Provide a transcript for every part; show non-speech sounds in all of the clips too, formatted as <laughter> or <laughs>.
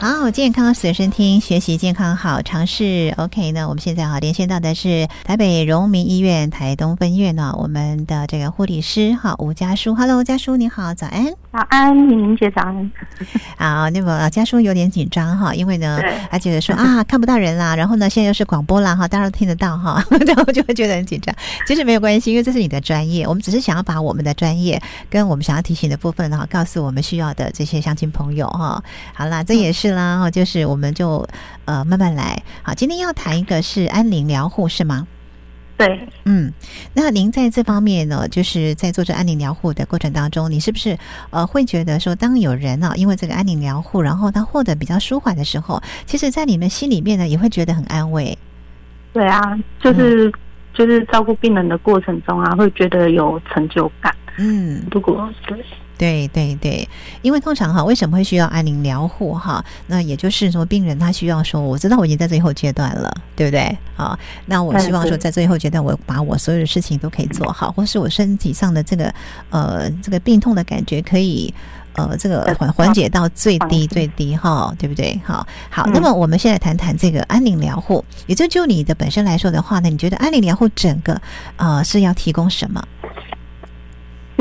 好，健康隨身聽，學習健康好，常識。OK，那我們現在哈連線到的是台北榮民醫院台東分院呢，我們的這個護理師哈吳佳姝，Hello，吳佳姝你好，早安。好，安林姐長，啊， <laughs> 那麼佳姝有點緊張哈，因為呢，他覺得說啊，看不到人啦，然後呢，現在又是廣播啦哈，當然聽得到哈，然後就會覺得很緊張。其實沒有關係，因為這是你的專業，我們只是想要把我們的專業跟我們想要提醒的部分呢，告訴我們需要的這些鄉親朋友哈。好啦，這也是啦，哈，就是我們就呃慢慢來。好，今天要談一個是安寧療護，是嗎？對，嗯，那您在這方面呢，就是在做這安寧療護的過程當中，你是不是呃會覺得說，當有人呢、啊，因為這個安寧療護，然後他獲得比較舒緩的時候，其實在你們心裡面呢，也會覺得很安慰。對啊，就是、嗯、就是照顧病人的過程中啊，會覺得有成就感。嗯，如果對。對對對，因為通常哈，為什麼會需要安寧療護哈？那也就是說，病人他需要說，我知道我已經在最後階段了，對不對啊？那我希望說，在最後階段，我把我所有的事情都可以做好，或是我身體上的這個呃這個病痛的感覺可以呃這個緩緩解到最低最低哈，對不對？好好、嗯，那麼我們現在談談這個安寧療護，也就就你的本身來說的話呢，你覺得安寧療護整個啊、呃、是要提供什麼？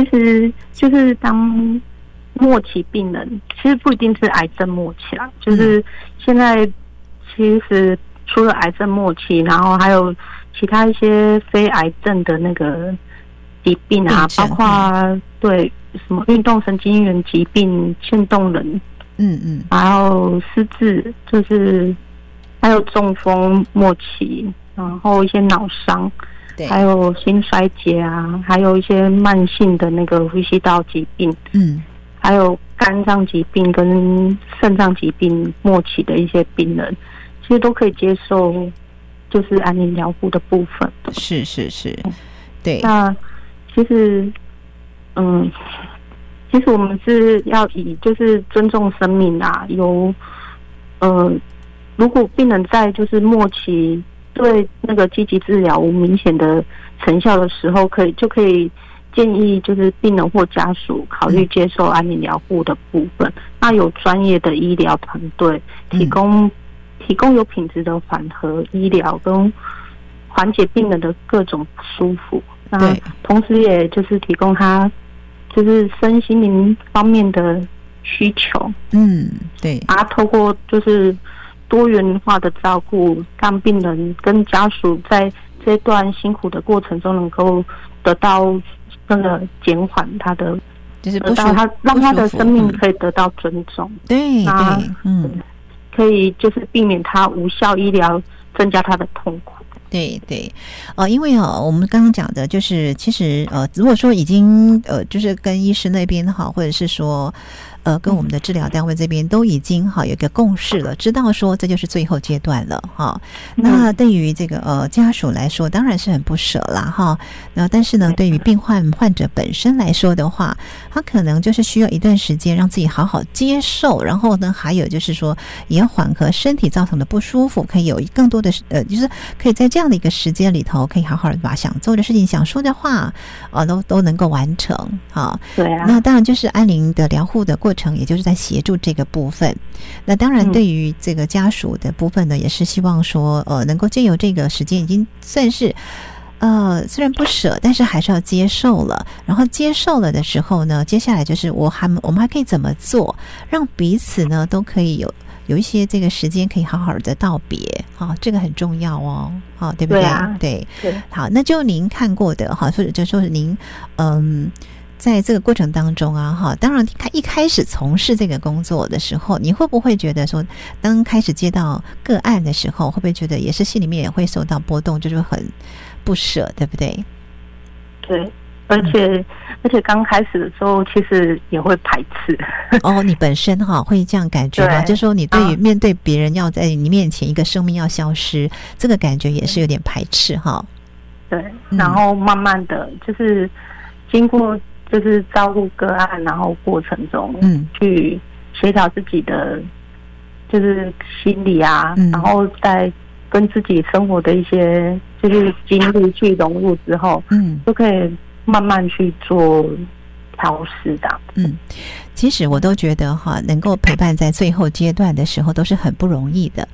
其實就是當末期病人，其實不一定是癌症末期啦，就是現在其實除了癌症末期，然後還有其他一些非癌症的那個疾病啊，病包括對什麼運動神經元疾病、漸凍人，嗯嗯，然後失智，就是還有中風末期，然後一些腦傷。對，還有心衰竭啊，還有一些慢性的那個呼吸道疾病，嗯，還有肝臟疾病跟腎臟疾病末期的一些病人，其實都可以接受，就是安寧療護的部分的。是是是，對。那其實，嗯，其實我們是要以就是尊重生命啊，由，嗯、呃，如果病人在就是末期。對，那個積極治療無明顯的成效的時候，可以就可以建議就是病人或家屬考慮接受安寧療護的部分。那有專業的醫療團隊提供提供有品質的緩和醫療，跟緩解病人的各種不舒服。那同時也就是提供他就是身心靈方面的需求。嗯，對。啊，透過就是。多元化的照顧，讓病人跟家屬在這段辛苦的過程中，能夠得到那個減緩他的，就是不得到他讓他的生命可以得到尊重，對、嗯，對，嗯，可以就是避免他無效醫療，增加他的痛苦。對對，呃，因為啊、哦，我們剛剛講的就是，其實呃，如果說已經呃，就是跟醫師那邊哈，或者是說。呃，跟我們的治療單位這邊都已經哈有一個共識了，知道說這就是最後階段了哈、嗯。那對於這個呃家屬來說，當然是很不捨啦哈。那但是呢，對於病患患者本身來說的話，他可能就是需要一段時間讓自己好好接受，然後呢，還有就是說，也緩和身體造成的不舒服，可以有更多的呃，就是可以在這樣的一個時間裡頭，可以好好的把想做的事情、想說的話啊、呃、都都能夠完成啊。對啊。那當然就是安寧的療護的過程，成，也就是在協助這個部分。那當然，對於這個家屬的部分呢、嗯，也是希望說，呃，能夠借由這個時間，已經算是，呃，雖然不捨，但是還是要接受了。然後接受了的時候呢，接下來就是我還我們還可以怎麼做，讓彼此呢都可以有有一些這個時間，可以好好的道別啊，這個很重要哦，好、啊，對不對？對、啊，對，對，好，那就您看過的哈，或者、啊、就說是您，嗯。在這個過程當中啊，哈，當然他一開始從事這個工作的時候，你會不會覺得說，當開始接到個案的時候，會不會覺得也是心裡面也會受到波動，就是很不捨，對不對？對，而且、嗯、而且剛開始的時候，其實也會排斥。哦，你本身哈、啊、會這樣感覺嗎、啊？就是說你對於面對別人要在你面前一個生命要消失，啊、這個感覺也是有點排斥哈、啊。對、嗯，然後慢慢的就是經過。就是照顧個案，然後過程中，嗯，去協調自己的就是心理啊、嗯，然後再跟自己生活的一些就是經歷去融入之後，嗯，都可以慢慢去做調適的。嗯，其實我都覺得哈，能夠陪伴在最後階段的時候，都是很不容易的。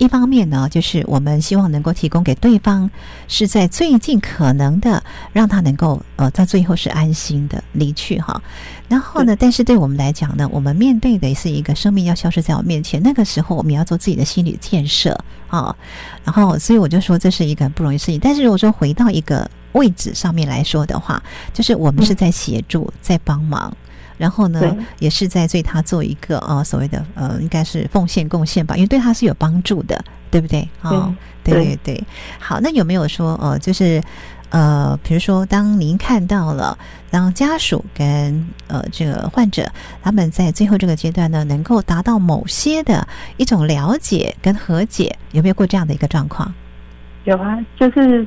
一方面呢，就是我們希望能夠提供給對方，是在最盡可能的讓他能夠呃，在最後是安心的離去哈。然後呢，但是對我們來講呢，我們面對的是一個生命要消失在我面前，那個時候我們要做自己的心理建設啊。然後，所以我就說這是一個不容易事情。但是如果說回到一個位置上面來說的話，就是我們是在協助，嗯、在幫忙。然後呢，也是在對他做一個呃所謂的呃，應該是奉獻貢獻吧，因為對他是有幫助的，對不對？啊、哦，對對對。好，那有沒有說呃，就是呃，比如說當您看到了，當家屬跟呃這個患者，他們在最後這個階段呢，能夠達到某些的一種了解跟和解，有沒有過這樣的一個狀況？有啊，就是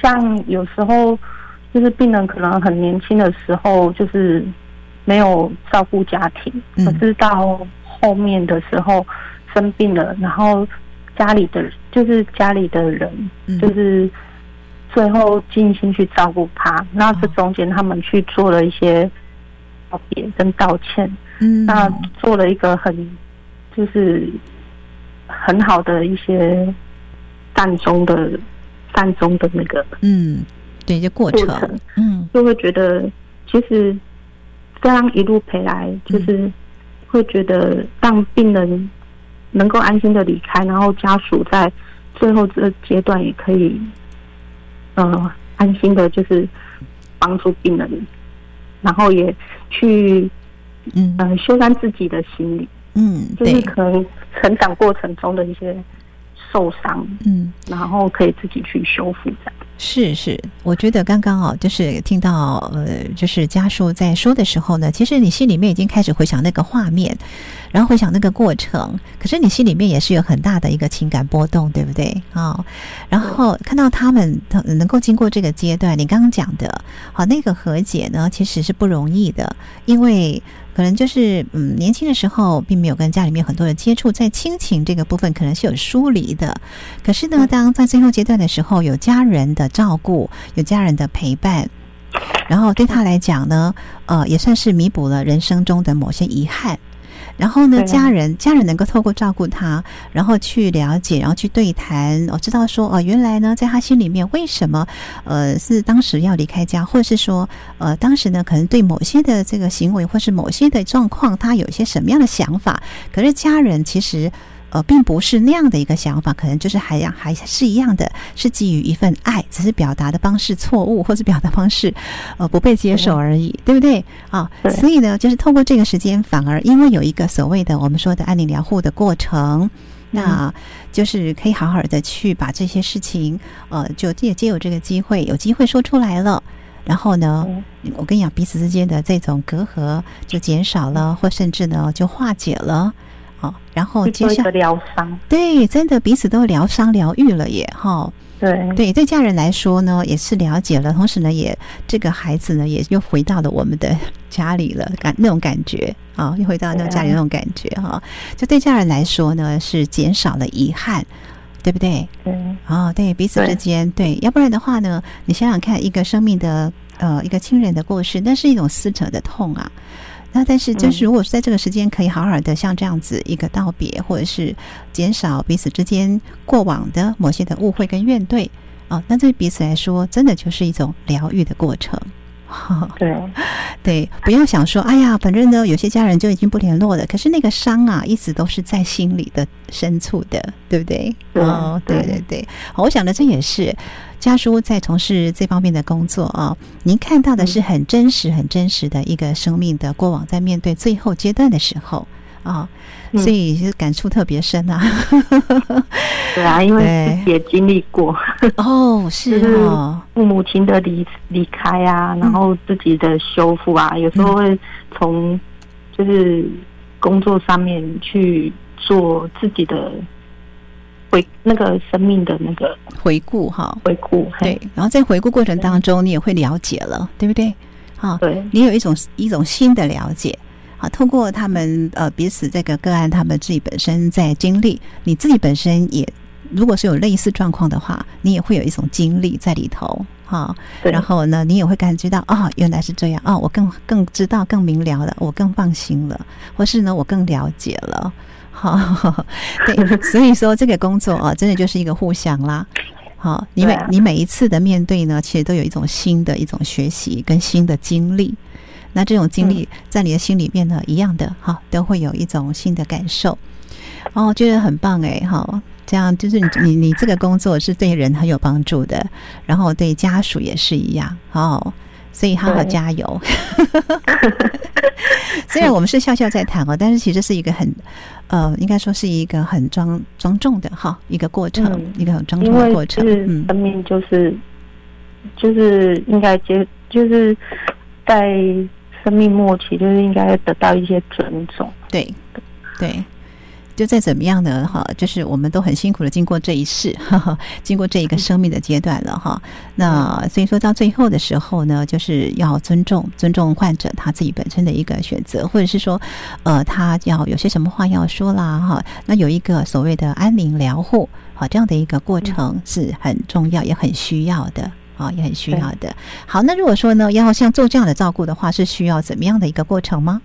像有時候，就是病人可能很年輕的時候，就是。沒有照顧家庭，可是到後面的時候生病了，嗯、然後家裡的就是家裡的人、嗯、就是最後盡心去照顧他、哦。那這中間他們去做了一些告別跟道歉，嗯，那做了一個很就是很好的一些淡中的淡中的那個，嗯，對，一些過程，嗯，就會覺得、嗯、其實。這樣一路陪來，就是會覺得讓病人能夠安心的離開，然後家屬在最後這個階段也可以，呃，安心的，就是幫助病人，然後也去，嗯、呃、嗯，修繕自己的心理，嗯，就是可能成長過程中的一些受傷，嗯，然後可以自己去修復。這樣。是是，我覺得剛剛哦，就是聽到呃，就是家屬在說的時候呢，其實你心裡面已經開始回想那個畫面，然後回想那個過程，可是你心裡面也是有很大的一個情感波動，對不對啊？哦，然後看到他們能夠經過這個階段，你剛剛講的，好，哦，那個和解呢，其實是不容易的，因為。可能就是，嗯，年輕的時候並沒有跟家裡面很多的接觸，在親情這個部分可能是有疏離的。可是呢，當在最後階段的時候，有家人的照顧，有家人的陪伴，然後對他來講呢，呃，也算是彌補了人生中的某些遺憾。然後呢，家人家人能夠透過照顧他，然後去了解，然後去對談，我知道說哦、呃，原來呢，在他心裡面，為什麼呃是當時要離開家，或是說呃當時呢，可能對某些的這個行為，或是某些的狀況，他有一些什麼樣的想法？可是家人其實。呃，並不是那樣的一個想法，可能就是還要還是一樣的，是基於一份愛，只是表達的方式錯誤，或者表達方式呃不被接受而已，嗯、對不對啊，對？所以呢，就是通過這個時間，反而因為有一個所謂的我們說的安寧療護的過程，嗯，那就是可以好好的去把這些事情呃就借借由這個機會有機會說出來了，然後呢，嗯，我跟你講，彼此之間的這種隔閡就減少了，或甚至呢就化解了。然後接下來療傷，對，真的彼此都療傷療癒了耶哈。對對，對家人來說呢，也是了解了，同時呢，也這個孩子呢，也又回到了我們的家裡了，感那種感覺啊、哦，又回到那種家裡那種感覺哈。就對家人來說呢，是減少了遺憾，對不對？對啊，對彼此之間對，對，要不然的話呢，你想想看，一個生命的呃，一個親人的故事，那是一種撕扯的痛啊。那但是，就是如果是在這個時間，可以好好的像這樣子一個道別、嗯，或者是減少彼此之間過往的某些的誤會跟怨懟啊、哦，那對彼此來說，真的就是一種療癒的過程。哦、對、啊、對，不要想說，哎呀，反正呢，有些家人就已經不聯絡了，可是那個傷啊，一直都是在心裡的深處的，對不對？對哦，對對對，對好，我想呢，這也是。佳姝在從事這方面的工作啊、哦，您看到的是很真實、很真實的一個生命的過往，在面對最後階段的時候啊、哦嗯，所以是感觸特別深啊。 <laughs> 對啊，因為自己也經歷過。哦， <laughs> 是父母親的離離開啊，然後自己的修復啊、嗯，有時候會從就是工作上面去做自己的。回那個生命的那個回顧哈，回顧對，然後在回顧過程當中，你也會了解了，對不對？啊，對，你有一種一種新的了解啊。通過他們呃彼此這個個案，他們自己本身在經歷，你自己本身也如果是有類似狀況的話，你也會有一種經歷在裡頭哈，然後呢，你也會感覺到哦，原來是這樣哦，我更更知道、更明了了，我更放心了，或是呢，我更了解了。好， <laughs> 對，所以說這個工作啊，真的就是一個互相啦。好，因為、啊、你每一次的面對呢，其實都有一種新的一種學習跟新的經歷。那這種經歷在你的心裡面呢，一樣的哈，都會有一種新的感受。哦，覺得很棒誒。好、哦，這樣就是你你這個工作是對人很有幫助的，然後對家屬也是一樣。好。哦所以好好加油。 <laughs> 雖然我們是笑笑在談哦，但是其實是一個很，呃，應該說是一個很莊莊重的哈一個過程，嗯、一個很莊重的過程、就是。嗯，生命就是就是應該接，就是在生命末期，就是應該得到一些尊重。對，對。就再怎麼樣呢？哈，就是我們都很辛苦的經過這一世呵呵，經過這一個生命的階段了哈。那所以說到最後的時候呢，就是要尊重尊重患者他自己本身的一個選擇，或者是說，呃，他要有些什麼話要說啦。哈。那有一個所謂的安寧療護，哈，這樣的一個過程是很重要，也很需要的啊，也很需要的。好，那如果說呢，要像做這樣的照顧的話，是需要怎麼樣的一個過程嗎？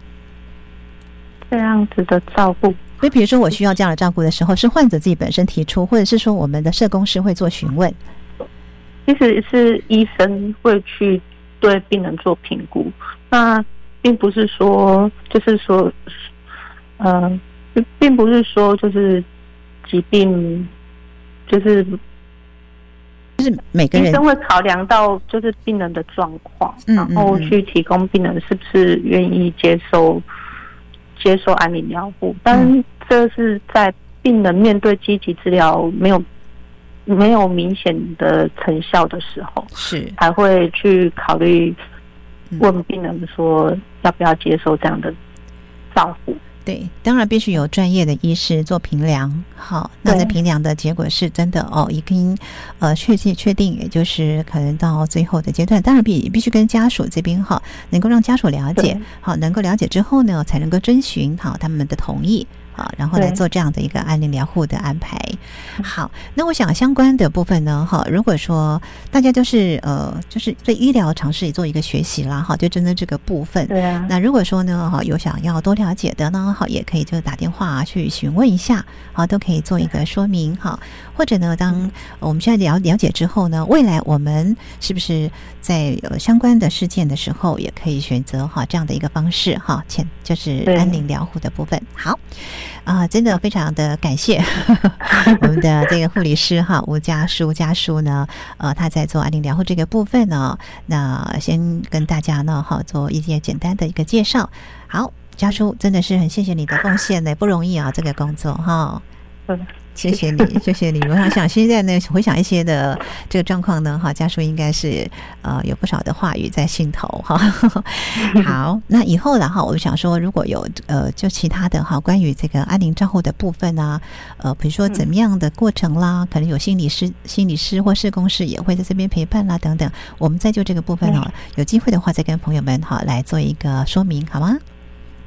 這樣子的照顧，所以比如說，我需要這樣的照顧的時候，是患者自己本身提出，或者是說，我們的社工師會做詢問。其實是醫生會去對病人做評估，那並不是說，就是說，嗯、呃，並不是說，就是疾病，就是就是每個人醫生會考量，到就是病人的狀況，然後去提供病人是不是願意接受。接受安寧療護，但這是在病人面對積極治療沒有沒有明顯的成效的時候，是還會去考慮問病人說要不要接受這樣的照護。對，當然必須有專業的醫師做評量。好，那在評量的結果是真的哦，已經呃確切確定，也就是可能到最後的階段，當然必必須跟家屬這邊哈，能夠讓家屬了解，好，能夠了解之後呢，才能夠徵詢好他們的同意。啊，然後來做這樣的一個安寧療護的安排。好，那我想相關的部分呢，哈，如果說大家就是呃，就是對醫療嘗試做一個學習啦，哈，就針對這個部分，對啊。那如果說呢，哈，有想要多了解的呢，哈，也可以就打電話、啊、去詢問一下，啊，都可以做一個說明，哈。或者呢，當我們現在了了解之後呢，未來我們是不是在有相關的事件的時候，也可以選擇哈這樣的一個方式哈，前就是安寧療護的部分。好。啊，真的非常的感謝 <laughs> 我們的這個護理師哈，吳佳姝，佳姝呢，呃，他在做安寧療護這個部分呢、哦，那先跟大家呢哈做一些簡單的一個介紹。好，佳姝真的是很謝謝你的貢獻呢，不容易啊，這個工作哈，嗯謝謝你，謝謝你。我想現在呢，回想一些的這個狀況呢，哈，家屬應該是呃有不少的話語在心頭哈。好，那以後的話，我想說如果有呃就其他的哈，關於這個安寧照護的部分啊，呃，比如說怎麼樣的過程啦，嗯、可能有心理師、心理師或社工師也會在這邊陪伴啦等等。我們再就這個部分哦、啊嗯，有機會的話再跟朋友們哈來做一個說明好嗎？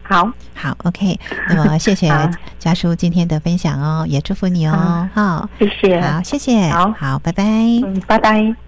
好，好，OK。那麼，謝謝佳姝今天的分享哦， <laughs> 啊、也祝福你哦。好、啊哦，謝謝，好，謝謝，好，好拜拜，嗯，拜拜。